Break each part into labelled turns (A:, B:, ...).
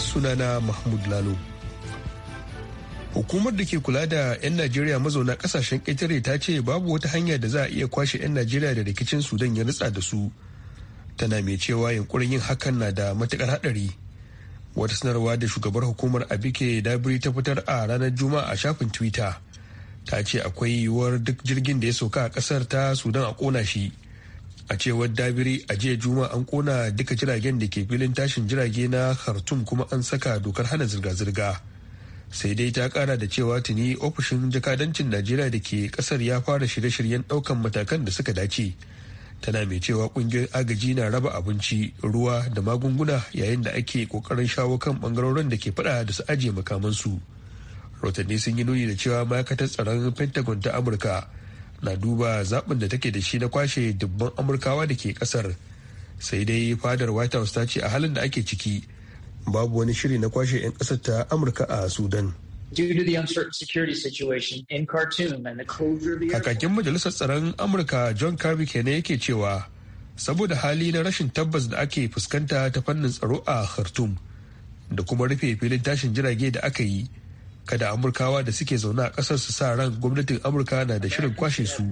A: sunana mahmud lalo hukumar da ke kula da 'yan najeriya mazauna kasashen ƙetare ta ce babu wata hanya da za a iya kwashe 'yan najeriya da rikicin sudan ya nutsa da su tana mai cewa yunkurin yin hakan na da matukar haɗari wata sanarwa da shugabar hukumar abike dabiri ta fitar a ranar juma'a a shafin twitter ta ce akwai yiwuwar duk jirgin da ya sauka a ƙasar ta sudan a ƙona shi a cewar dabiri a jiya juma an kona duka jiragen da ke filin tashin jirage na khartoum kuma an saka dokar hana zirga-zirga sai dai ta kara da cewa tuni ofishin jakadancin najeriya da ke kasar ya fara shirye-shiryen daukan matakan da suka dace tana mai cewa kungiyoyin agaji na raba abinci ruwa da magunguna yayin da ake kokarin shawo kan bangarorin da ke fada da su ajiye makamansu rotanni sun yi nuni da cewa ma'aikatar tsaron pentagon ta amurka na duba zaɓin da take da shi na kwashe dubban amurkawa da ke ƙasar sai dai fadar white house ta ce a halin da ake ciki babu wani shiri na kwashe 'yan ƙasar ta amurka a sudan kakakin majalisar tsaron amurka john kirby kenan yake cewa saboda hali na rashin tabbas da ake fuskanta ta fannin tsaro a khartoum da kuma rufe filin tashin jirage da aka yi kada amurkawa da suke zaune a ƙasar su sa ran gwamnatin amurka na da shirin kwashe su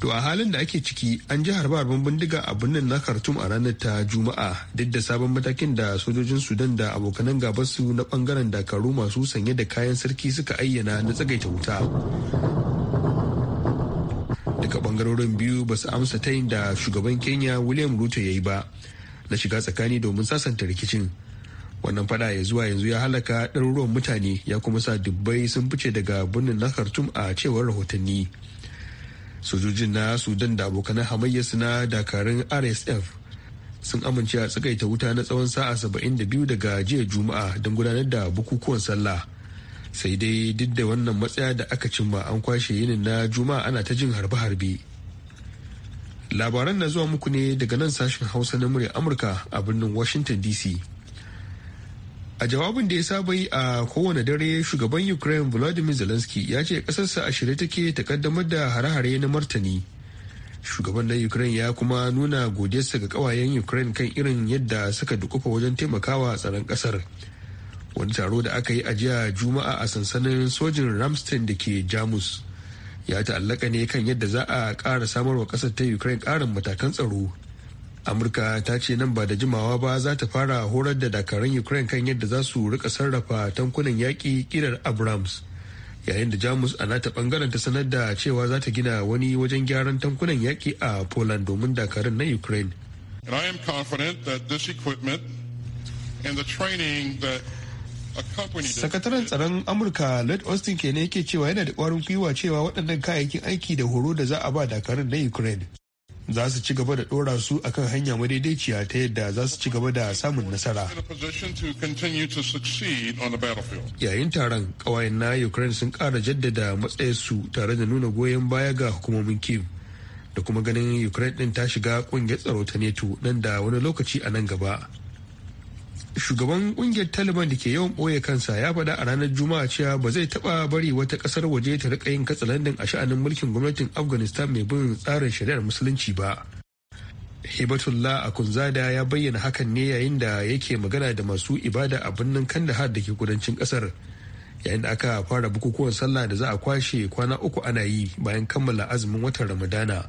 A: To a halin da ake ciki an ji harbar bindiga a birnin na Khartoum a ranar ta Juma'a duk da sabon matakin da sojojin Sudan da abokanan su na bangaren dakaru masu sanye da kayan sarki suka ayyana na tsagaita wuta. Duka bangarorin biyu ba su amsa ta da shugaban Kenya William Ruto ya yi ba. na shiga tsakani domin sasanta rikicin wannan fada ya zuwa yanzu ya halaka ɗaruruwan mutane ya kuma sa dubbai sun fice daga birnin na khartoum a cewar rahotanni sojojin na sudan da abokan hamayyarsu na dakarun rsf sun amince a tsakaita wuta na tsawon sa'a biyu daga jiya juma'a don gudanar da bukukuwan sallah sai dai duk da wannan matsaya da aka cimma an kwashe yinin na juma'a ana ta jin harbe-harbe labaran na zuwa muku ne daga nan sashen hausa na murya amurka a birnin washington dc a jawabin da ya saba yi a kowane dare shugaban ukraine volodymyr zelensky ya ce kasarsa a shirye take ta kaddamar da hare-hare na martani shugaban na ukraine ya kuma nuna godiyarsa ga kawayen ukraine kan irin yadda suka dukufa wajen taimakawa tsaron kasar wani taro da aka yi a jiya juma'a a sansanin sojin ramstein da ke jamus ya ta'allaka ne kan yadda za a ƙara wa ƙasar ta ukraine ƙarin matakan tsaro amurka ta ce nan ba da jimawa ba za ta fara horar da dakarun ukraine kan yadda za su rika sarrafa tankunan yaƙi ƙirar abrams yayin da jamus a nata bangaren ta sanar da cewa za ta gina wani wajen gyaran tankunan yaƙi a poland domin dakarun na ukraine
B: And I am confident that this equipment and the training that
A: sakataren tsaron amurka lord austin ne yake cewa yana da kwarin gwiwa cewa waɗannan kayayyakin aiki da horo da za a ba dakarun na ukraine za su ci gaba da ɗora su akan hanya madaidaiciya ta yadda za su ci gaba da samun nasara. Yayin taron, ƙawayen na Ukraine sun ƙara jaddada matsayarsu tare da nuna goyon baya ga hukumomin Kyiv da kuma ganin Ukraine ɗin ta shiga ƙungiyar tsaro ta NATO nan da wani lokaci a nan gaba. shugaban kungiyar taliban da ke yawan ɓoye kansa ya faɗa a ranar juma'a cewa ba zai taɓa bari wata ƙasar waje ta riƙa yin katsalandin a sha'anin mulkin gwamnatin afghanistan mai bin tsarin shari'ar musulunci ba hibatullah akunzada ya bayyana hakan ne yayin da yake magana da masu ibada a birnin kandahar da ke kudancin ƙasar yayin da aka fara bukukuwan sallah da za a kwashe kwana uku ana yi bayan kammala azumin watan ramadana.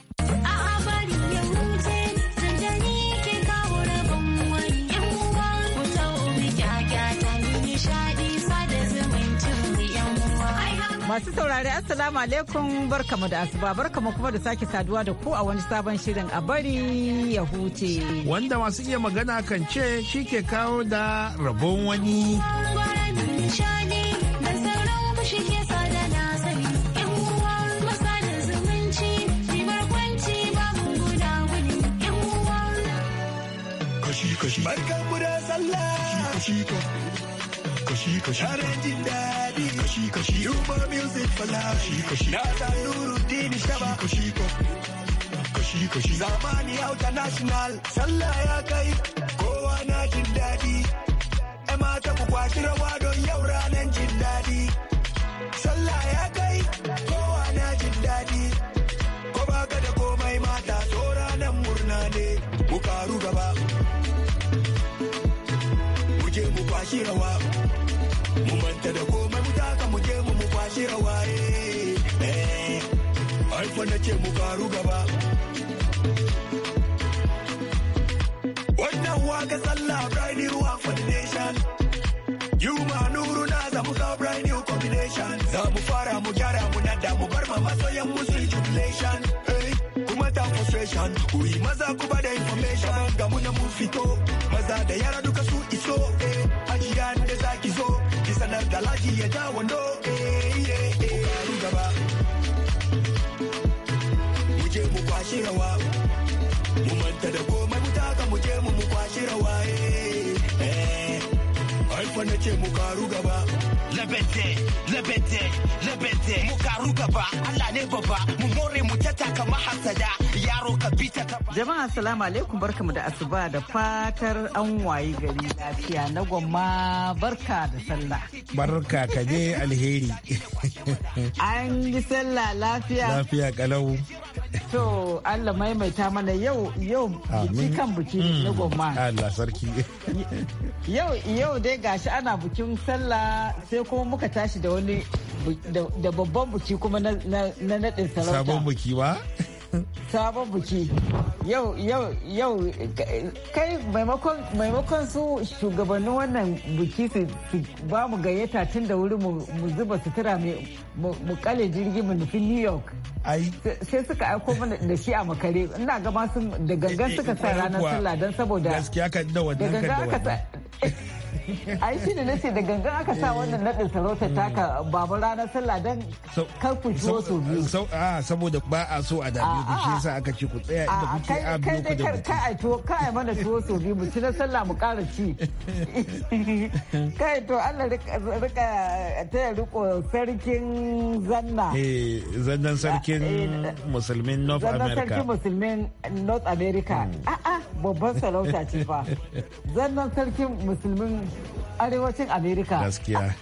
C: Masu saurari Assalamu alaikum barkamu da asuba barkamu kuma da sake saduwa da ku a wani sabon shirin a bari ya huce.
D: Wanda masu iya magana kan ce shi ke kawo da rabon wani.
E: Barkan da sallah. Kashi kashi. Kashi kashi. kashi kashi, Ladi kashi kashi Yuma music for life kashi Na ta nuru dini Shaba kashi kashi kashi Zamani international Sallah ya kai kowa na jin daɗi E mata ku kwashi rawa don yau ranar jin daɗi Sallah ya kai kowa na jin daɗi Ko baka da komai mata so ranar murna ne Mu karu gaba Mu je mu kwashi rawa mu manta da komai da ke mu faru gaba wannan waka tsalla brand new one for the nation ma nuru na zamu ga kawo combination za mu fara mu gyara mu nada mu bar ma masoyan musu jubilation eh, kuma ta frustration kuyi maza ku ba da information ga mu mu fito maza da yara duka su iso eh da zaki zo ki sanar da laji ya ja wando eh eh eh gaba rawa mu manta da komai wuta ka mu je mu mu kwashi rawaye fa nake mu karu gaba labete labete labete mu karu gaba Allah ne baba mu more mu tata kama hasada yaro ka bita ka
C: jama'a assalamu alaikum barkamu da asuba da fatar an wayi gari lafiya na gwamma barka da sallah
D: barka ka je alheri
C: an yi sallah lafiya
D: lafiya kalau
C: to Allah maimaita mana yau yau
D: biki kan biki mm. na gwamma Allah sarki
C: yau yau dai gashi ana bikin sallah sai kuma muka tashi da wani da babban buki kuma na naɗin sarauta. Sabon buki ba? Sabon buki. Yau, yau, yau, kai maimakon su shugabannin wannan buki su ba mu gayyata tun da wuri mu zuba sutura mu kale jirgin mu nufi New York. sai suka aiko mana da shi a makare ina gama sun da gangan suka sa eh, eh, eh, ranar sallah don saboda gaskiya ka
E: da wannan ka da wannan
C: ai shi ne nace da gangan aka sa wannan nadin sarauta hmm. taka babu ranar sallah dan kar ku ji su biyu a
D: ah, saboda ba a so a dame ku shi yasa aka ce ku tsaya inda kuke a biyo ku da ka
C: kai to kai mana tuwo so biyu mu ci na sallah mu ƙara ci kai to Allah rika taya riko sarkin zanna eh
D: zannan sarkin eh, eh, musulmin North America zannan sarkin
C: musulmin North America hmm. a'a babban sarauta ce fa zannan sarkin musulmin arewacin amerika gaskiya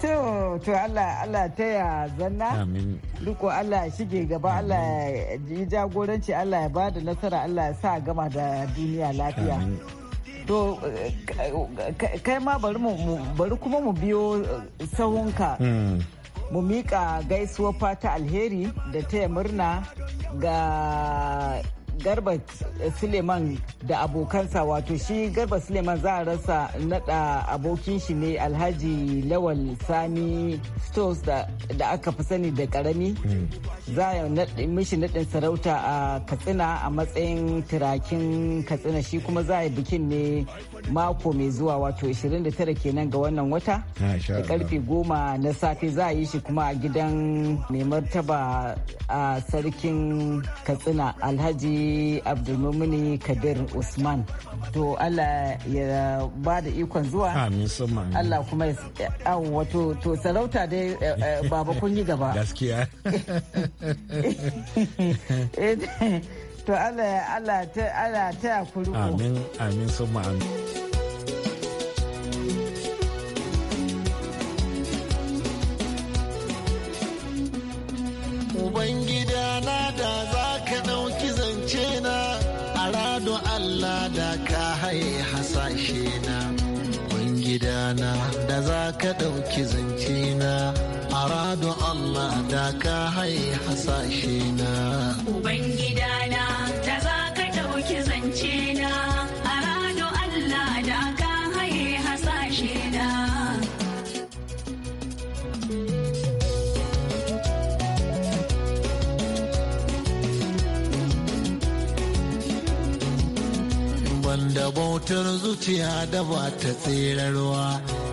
C: to to allah allah ta ya zanna riko allah shige gaba allah yi jagoranci allah ya ba da nasara allah ya sa gama da duniya lafiya to kai ma bari kuma mu biyo eh, sahunka hmm. mu miƙa gaisuwa fata alheri da taya murna ga garba suleiman da abokansa wato shi garba suleiman za a rasa nada abokin shi ne alhaji lawal sani stores da aka fi sani da karami hmm. za a mishi nadin sarauta a katsina a matsayin turakin katsina shi kuma za a bikin ne mako mai zuwa wato 29 kenan ga wannan wata da karfe 10 na safe za a yi shi kuma a gidan mai martaba a sarkin katsina alhaji abdulmumini kabir usman to allah ya ba da ikon zuwa allah kuma ya wato to sarauta dai eh, eh, baba kun yi gaba gaskiya eh, to allah ya allah ta ya kuri amin
D: amin sun ma'amin
F: ka ɗauki zance na aradu Allah da ka hai hasashe na
B: ubangida na da za ka ɗauki zance na aradu Allah da ka hai hasashe na
F: banda bautar zuciya da ba ta tserarwa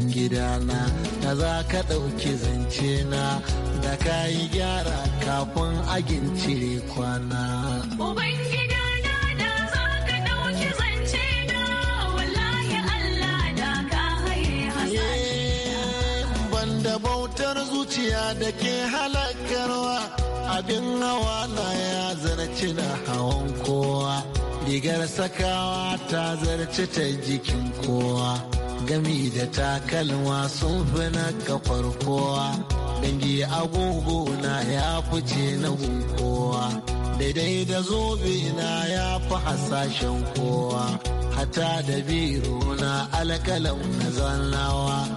F: cikin gidana da za ka ɗauki zance na da ka yi gyara kafin a cire kwana. bautar zuciya da ke halakarwa abin hawa na ya zarci na hawan kowa rigar sakawa ta zarci ta jikin kowa gami da takalma sun fi na kafar kowa dangi agogo na ya fice na hunkowa daidai da zobe na ya fi hasashen kowa hata da biro na alkalau na zannawa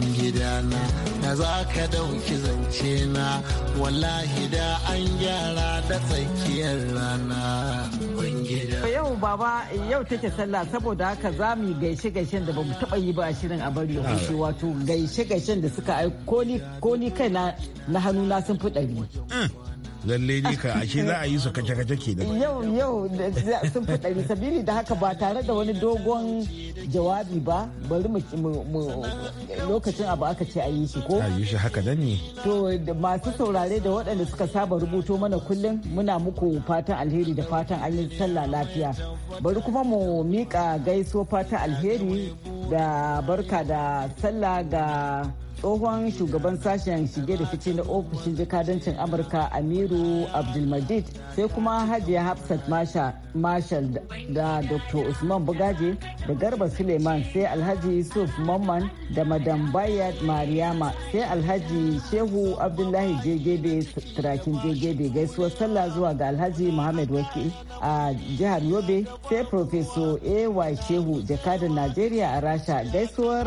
F: cikin gidana na za ka dauki zance na wallahi da an gyara da tsakiyar rana
C: yau baba yau take sallah saboda haka za mu gaishe gaishen da bamu taba yi ba shirin a bari ya kushe wato gaishe gaishen da suka aiko ni kai na hannu na sun fi ɗari mm.
D: lalle ne ka ashe za a yi su kace kace ke da
C: yau yau sun fi ɗari sabili da haka ba tare da wani dogon jawabi ba bari mu lokacin abu aka ce a yi shi
D: ko a yi shi haka nan ne
C: to masu saurare da waɗanda suka saba rubuto mana kullum muna muku fatan alheri da fatan an yi sallah lafiya bari kuma mu miƙa gaiso fatan alheri da barka da sallah ga tsohon shugaban sashen shige da fice na ofishin jikadancin amurka amiru abdulmadid sai kuma hajiya hafsat masha marshal da dr usman Bugaji da garba suleiman sai alhaji yusuf mamman da madam bayat mariama sai alhaji shehu abdullahi jegebe turakin jegebe gaisuwar sallah zuwa ga alhaji muhammad waki a jihar yobe sai professor ay shehu jakadan najeriya a rasha gaisuwar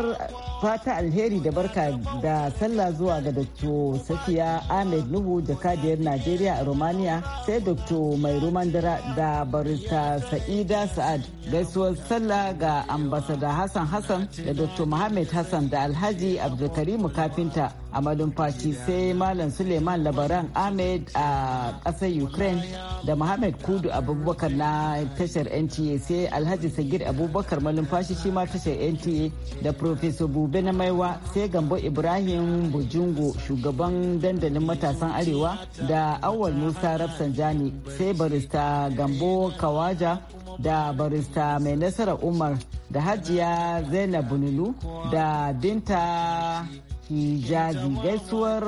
C: fata alheri da barka da sallah zuwa ga dr safiya ahmed nuhu jakadiyar najeriya a romania sai dr mai rumandara da bari barista Sa'ida Sa'ad gaisuwar sallah ga ambasada Hassan Hassan da Dr. Muhammad Hassan da Alhaji Abdulkarimu Kafinta a malumfashi sai malam suleiman labaran ahmed a ƙasar ukraine da mohamed kudu abubakar na tashar nta sai alhaji sagir abubakar malumfashi shi ma tashar nta da professor bube na maiwa sai gambo ibrahim bujungo shugaban dandalin matasan arewa da awal musa rafsanjani sai barista gambo kawaja da barista mai nasarar umar da hajiya zainab bunulu da binta hijazi gaisuwar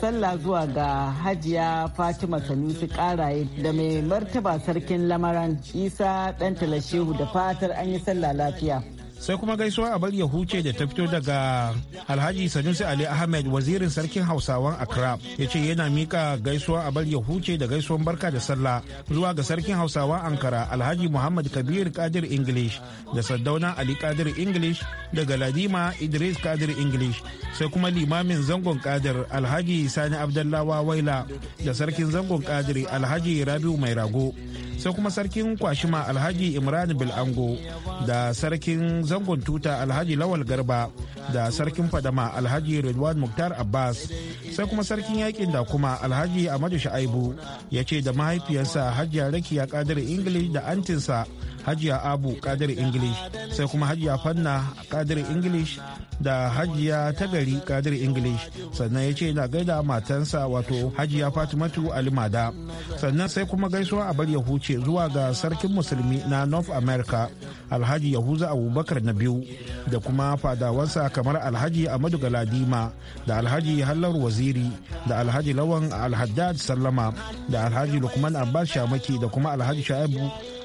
C: sallah zuwa ga hajiya fatima sanusi karaye da mai martaba sarkin lamaran isa dan talashehu da fatar an yi sallah lafiya
D: sai kuma gaisuwa a bar ya huce da ta fito daga alhaji sanusi ali ahmed wazirin sarkin hausawan accra ya ce yana mika gaisuwa a bar ya huce da gaisuwan barka da sallah zuwa ga sarkin hausawan ankara alhaji muhammad kabir kadir english da sardauna ali kadir english da galadima idris kadir english sai kuma limamin zangon kadir alhaji sani abdullawa waila da sarkin zangon kadir alhaji rabiu mai rago sai kuma sarkin kwashima alhaji imran bilango da sarkin zangon tuta alhaji lawal garba da sarkin fadama alhaji redwan muktar abbas sai kuma sarkin yakin da kuma alhaji amadu sha'aibu ya ce da mahaifiyarsa hajjiyar rakiya kadar ingilish da antinsa hajiya abu kadir english sai kuma hajiya fanna kadir english da hajiya tagari kadir english sannan ya ce na gaida matansa wato hajiya fatimatu alimada sannan sai kuma gaisuwa a bar ya huce zuwa ga sarkin musulmi na north america alhaji yahuza abubakar na biyu da kuma fadawansa kamar alhaji amadu galadima da alhaji hallar waziri da alhaji lawan alhaddad sallama da alhaji lukman abbas shamaki da kuma alhaji sha'ibu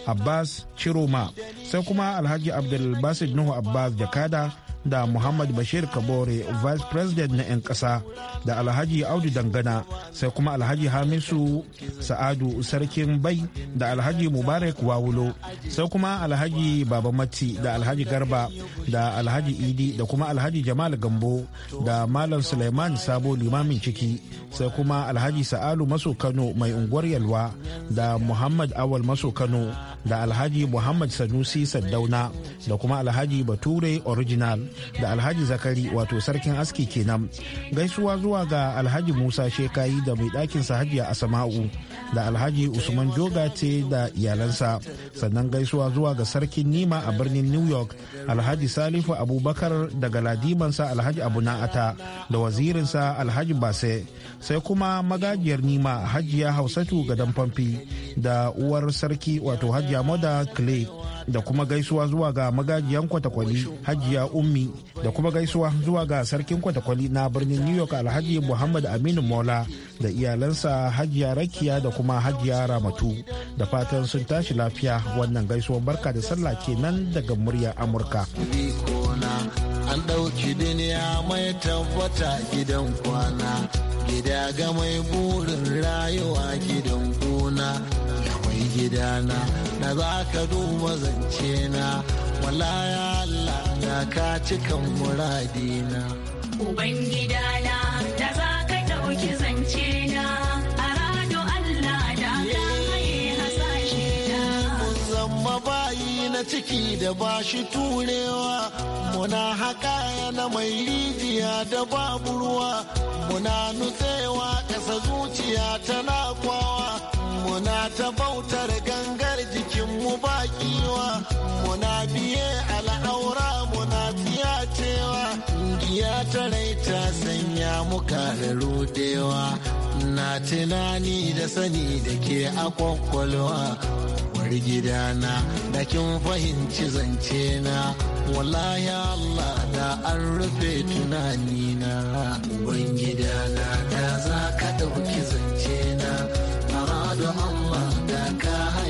D: abbas Shiroma sai kuma Alhaji Abdulbasir Nuhu Abbas Jakada da muhammad bashir kabore vice president na 'yan ƙasa da alhaji audu dangana sai kuma alhaji hamisu sa'adu sarkin bai da alhaji mubarak wawulo sai kuma alhaji baba mati da alhaji garba da alhaji idi da kuma alhaji jamal gambo da malam suleiman sabo limamin ciki sai kuma alhaji sa'alu maso kano mai unguwar yalwa da muhammad awal maso kano da alhaji muhammad sanusi saddauna da kuma alhaji bature original da alhaji zakari wato sarkin aski kenan gaisuwa zuwa ga alhaji musa shekayi da mai ɗakin hajiya asama'u da alhaji usman jogate da iyalansa sannan gaisuwa zuwa ga sarkin nima a birnin new york alhaji salifu abubakar daga ladimansa alhaji abu na'ata da wazirinsa alhaji base sai kuma magajiyar nima hajiya hausatu gadon famfi da uwar sarki wato hajiya moda clay da kuma gaisuwa zuwa ga magajiyan kwatakwali hajiya ummi da kuma gaisuwa zuwa ga sarkin kwatakwali na birnin new york alhaji muhammad aminu mola da iyalansa hajiya rakiya da kuma hajiya ramatu da fatan sun tashi lafiya wannan gaisuwar barka da sallah kenan daga muryar amurka
F: an ɗauki duniya mai tabbata gidan kwana gida ga mai burin rayuwa gidan gona da mai gidana da za ka duba zance na walaya Allah ya ka cikan muradina.
B: ubangidana na da za ka ɗauki zance
F: na ciki da ba shi turewa muna haka na mai rijiya da babu ruwa muna nutsewa ƙasa zuciya tana kwawa muna ta bautar gangar jikinmu baƙiwa muna biye al'aura muna siyacewa. giya ta rai ta sanya muka da rudewa na tunani da sani da ke a kwakwalwa bari gidana da kin fahimci zance na wala ya Allah da an rufe tunani na gidana da za ka dauki zance na Allah da ka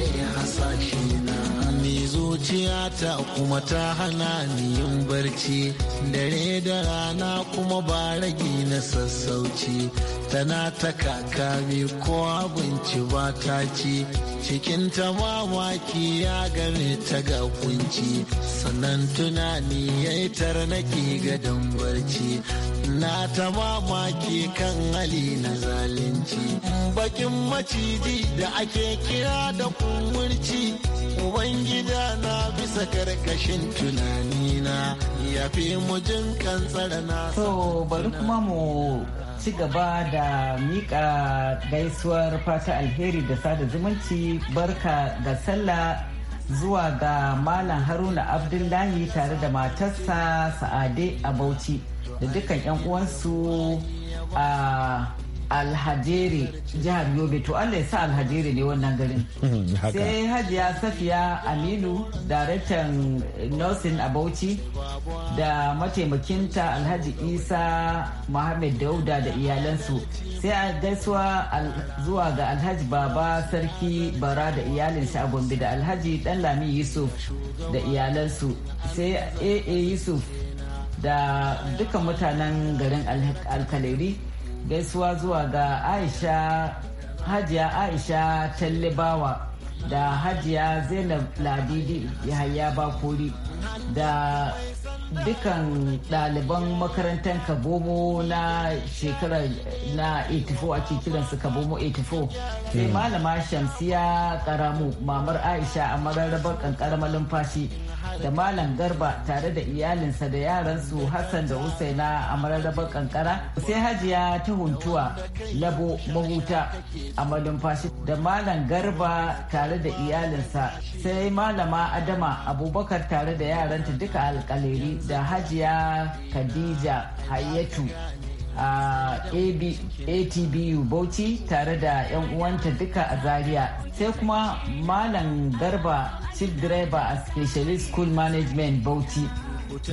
F: zuciyata kuma ta hana ni yin barci dare da rana kuma ba rage na sassauci tana ta kakami ko abinci ba ta ci cikin ta mamaki ya game ta ga kunci sannan tunani ya yi tarnaki gadon barci na ta mamaki kan hali na zalunci bakin maciji da ake kira da kumurci Ubangida na bisa karkashin tunanina ya fi mujin kansara na So
C: bari kuma mu ci gaba da mika gaisuwar fata alheri da sada zumunci barka ga sallah zuwa ga Malam Haruna Abdullahi tare da matarsa Sa'ade a Bauchi da dukkan 'yan uwansu a alhajere jihar yobe to allah ya sa alhajere ne wannan garin
B: hmm, sai
C: hajiya safiya aminu daraktan eh, nursing a bauchi da mataimakinta alhaji isa muhammad dauda da iyalansu sai a gaisuwa zuwa ga alhaji baba sarki bara da iyalinsa a gombe da alhaji lami yusuf da iyalansu sai aa yusuf da dukkan mutanen garin alkaleri gaisuwa zuwa ga aisha hajiya aisha tallibawa da hajiya zainab ladidi yahaya bakuri da dukan ɗaliban makarantar kabomo na shekarar na 84 ake kiransu kabomo 84 sai hmm. malama shamsiya karamu mamar aisha a mararrabar kankarar malumfashi da Malam Garba tare da iyalinsa da yaransu Hassan da Husaina a mararrabar kankara sai Hajiya ta huntuwa labo mahuta a malumfashi da Malam Garba tare da iyalinsa sai Malama Adama Abubakar tare da yaranta duka alkaleri da Hajiya Khadija Hayatu a atbu bauchi tare da 'yan uwanta duka a zaria sai kuma malam garba chief driver a specialist school management bauchi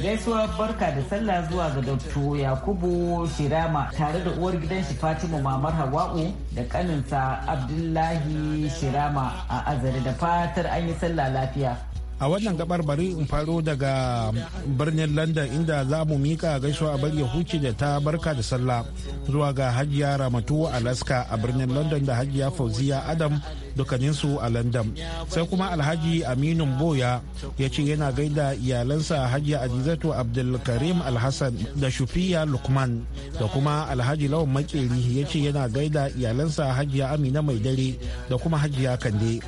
C: gaisuwa barka da sallah zuwa ga dr yakubu shirama tare da uwar gidan shi fatima mamar hawa'u da kaninsa abdullahi shirama a azare da fatar an yi sallah lafiya
D: a wannan gabar bari in faro daga birnin london inda za mu mika gaisuwa a bari huce da ta barka da sallah zuwa ga hajiya ramatu alaska a birnin london da hajiya fauziya adam dukkaninsu a london sai kuma alhaji aminu boya ya ce yana gaida iyalansa hajiya adizatu abdulkarim alhassan da shufiya lukman da kuma alhaji lawan makeri ya ce yana gaida iyalansa hajiya amina mai dare da kuma hajiya kande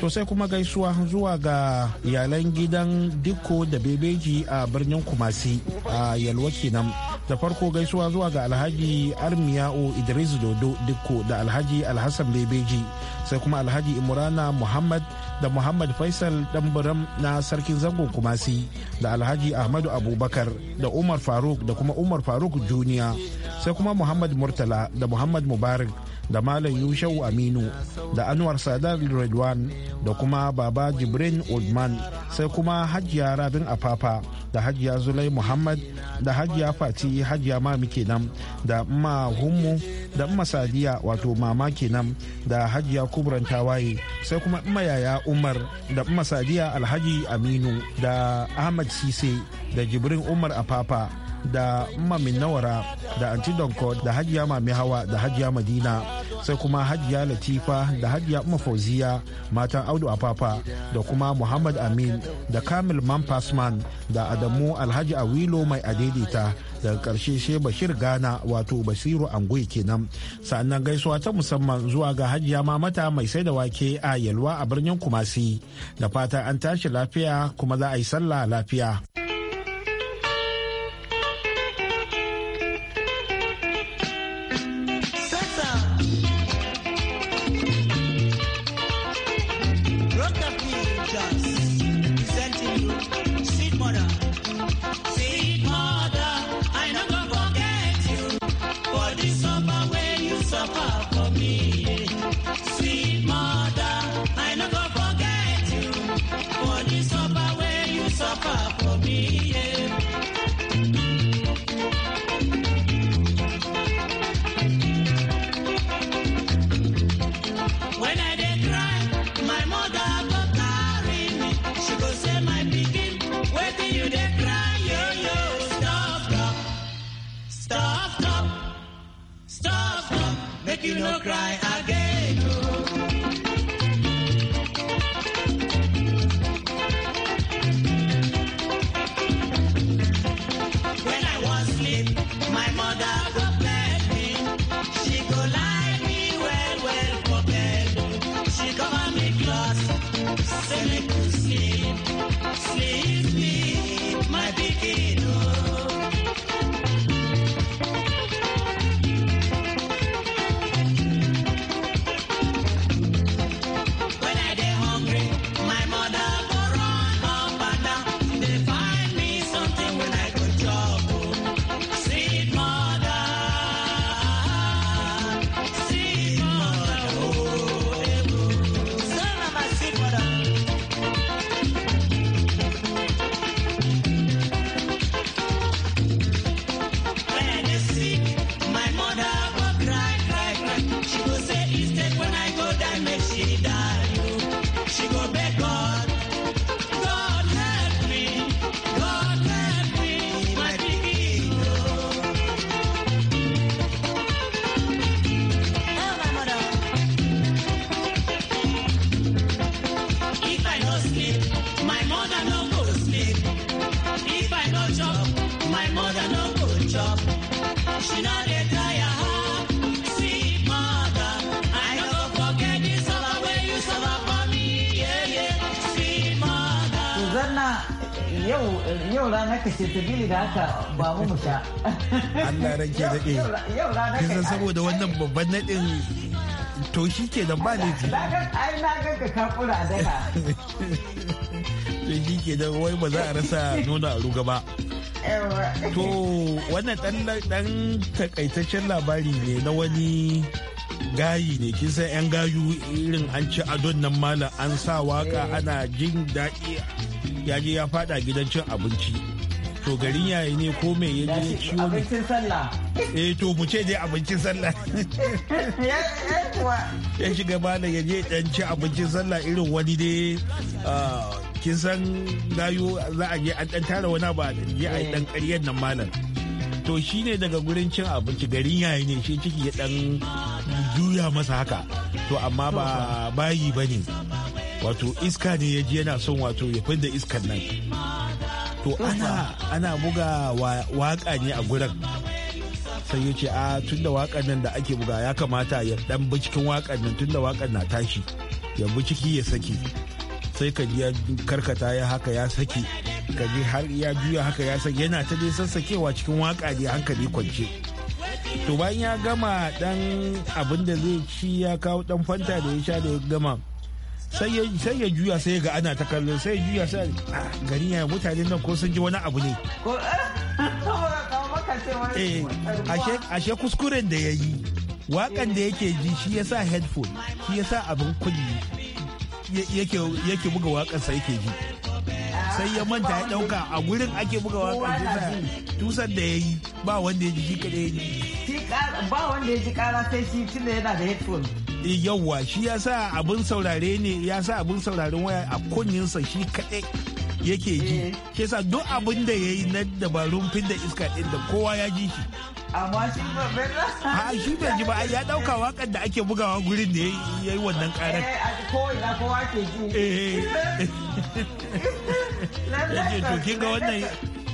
D: to sai kuma gaisuwa zuwa ga iyalan gidan dikko da bebeji a birnin kumasi a yalwa kenan da farko gaisuwa zuwa ga alhaji armiya idris dodo dikko da alhaji alhassan bebeji sai kuma alhaji imrana muhammad da muhammad faisal dambaram na sarkin zangon kumasi da alhaji ahmadu abubakar da umar faruk da kuma umar faruk juniya sai kuma muhammad murtala da muhammad mubarak da Malam Yushau Aminu da Anwar Sadar Redwan da kuma Baba Jibrin Oldman sai kuma Hajiya Rabin Afafa da Hajiya Zulai Muhammad da Hajiya Fati Hajiya Mami kenan da Umma Hummu da Umma Sadiya wato Mama kenan da Hajiya Kubran Tawaye sai kuma Umma Yaya Umar da Umma Sadiya Alhaji Aminu da Ahmad Sise da Jibrin Umar Afafa da mami nawara da donko da hajiya mami hawa da hajiya madina sai kuma hajiya latifa da hajiya umma fauziya matan audu afafa da kuma muhammad amin da kamil manfasman da adamu alhaji awilo mai adedita daga karshe sai bashir gana wato basiru angui kenan sa'annan gaisuwa ta musamman zuwa ga hajiya mamata mai sai da wake a yalwa a birnin kumasi da fata an tashi lafiya kuma za a yi sallah lafiya.
B: you no cry again.
E: fita. Allah ranke daɗe.
C: Kisan saboda
E: wannan babban naɗin to shi ke da ba ji.
C: Ai na ganka ka kura daga.
D: To shi ke da wai ba za a rasa nuna a ruga ba. To wannan ɗan takaitaccen labari ne na wani gayi ne kin san yan gayu irin an ci adon nan malam an sa waka eh. ana jin daɗi ya je ya fada gidan cin abinci. to garin yayi ne ko me ya je ciwo abincin sallah eh to mu ce dai abincin sallah ya shiga bala ya je dan ci abincin sallah irin wani dai ah, kin san gayo za a je an dan tara wani ba ya ai dan ƙaryar nan malam to shi ne daga gurin cin abinci garin yayi ne shi ciki ya dan juya masa haka to amma ba bayi bane wato iska ne ya ji yana son wato ya fidda iskan nan to ana ana buga waka ne a gurin sai ya ce a tun da wakan nan da ake buga ya kamata ya dan bi cikin wakan nan tun da wakan na tashi ya bi ciki ya saki sai ka ji ya karkata ya haka ya saki ka ji har ya juya haka ya saki yana ta dai sassakewa cikin waka ne hankali kwance to bayan ya gama dan abin da zai ci ya kawo dan fanta da ya sha da ya gama sai ya juya sai ga ana ta kallo sai ya juya sai ah, gari ya mutane nan ko sun ji wani abu ne eh, ashe kuskuren da yayi yi wakan da yake ji shi ya sa headphone shi ya sa abin kulli yake buga wakansa yake ji sai ya manta ya dauka a gurin ake buga waka tusar da ya yi ba wanda ya ji kada ya ji
C: ba wanda ya ji kara sai shi tunda
D: yana da headphone eh, yawwa shi ya sa abin saurare ne ya sa abin sauraren waya a kunninsa shi kadai yake ji eh. shi sa duk abin da ya yi na dabarun fin da iska din da kowa ya ji shi amma shi ba bai shi bai ji ba ya dauka wakar da ake bugawa gurin da yayi wannan karar eh, eh.
B: yake to ga wannan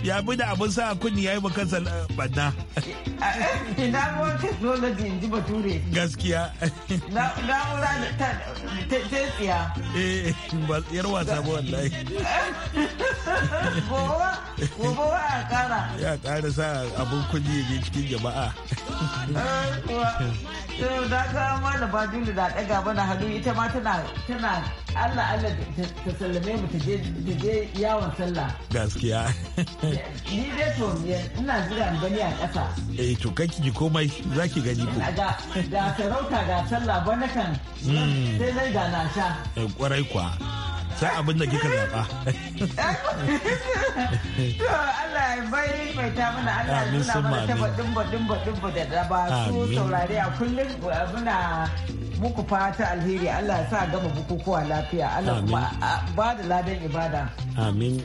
D: ya bi da abin sa kunni
E: ya yi kansa eh, banna. Ina eh, kuma technology in ji bature. Gaskiya. Na Na'ura ta tsiya. Eh, yar wasa ba wallahi.
C: Gobe, gobe wa a kara.
D: Ya kara sa abin kunni ne cikin jama'a.
C: Sai eh, da ka ma da bajulu da daga bana hadu ita ma tana tana Allah Allah ta sallame mu ta je yawon sallah. Gaskiya. ni dai to ina jira gani a ƙasa
D: eh to kanki ji komai ki gani ko
C: da sarauta ga sallah ba nakan
D: hmm. sai
C: zai ga na sha
D: kwarai eh, kwa sai abin da kika zaba.
C: To Allah ya bai mai ta mana Allah ya nuna mana ta baɗin baɗin baɗin baɗin da ba su saurare a kullum muna muku fata alheri Allah ya sa gama bukukuwa lafiya Allah ba da ladan ibada. Amin.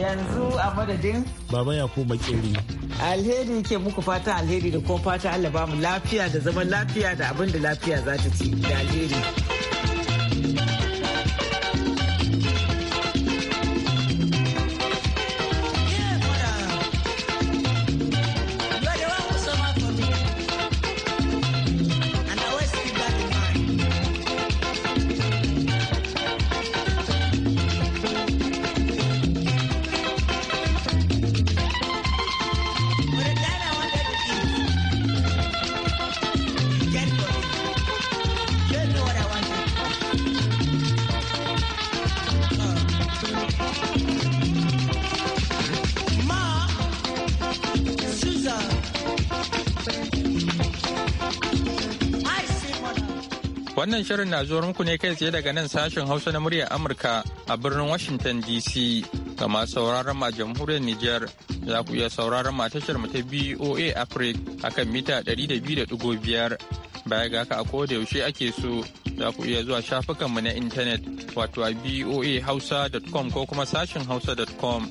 C: yanzu a madadin
D: baba ya yakubu bakeri
C: alheri ke muku fata alheri da kuma fata allah ba mu lafiya da zaman lafiya da abin da lafiya za ta ci da alheri
G: Wannan shirin na zuwa muku ne kai tsaye daga nan sashen Hausa na murya Amurka a birnin Washington DC. Ga masu sauraron ma jamhuriyar Nijar za ku iya sauraron ma tashar mu ta BOA Africa kan mita 200.5. Baya ga haka a koda yaushe ake so za ku iya zuwa shafukanmu na intanet wato a boahausa.com ko kuma sashen hausa.com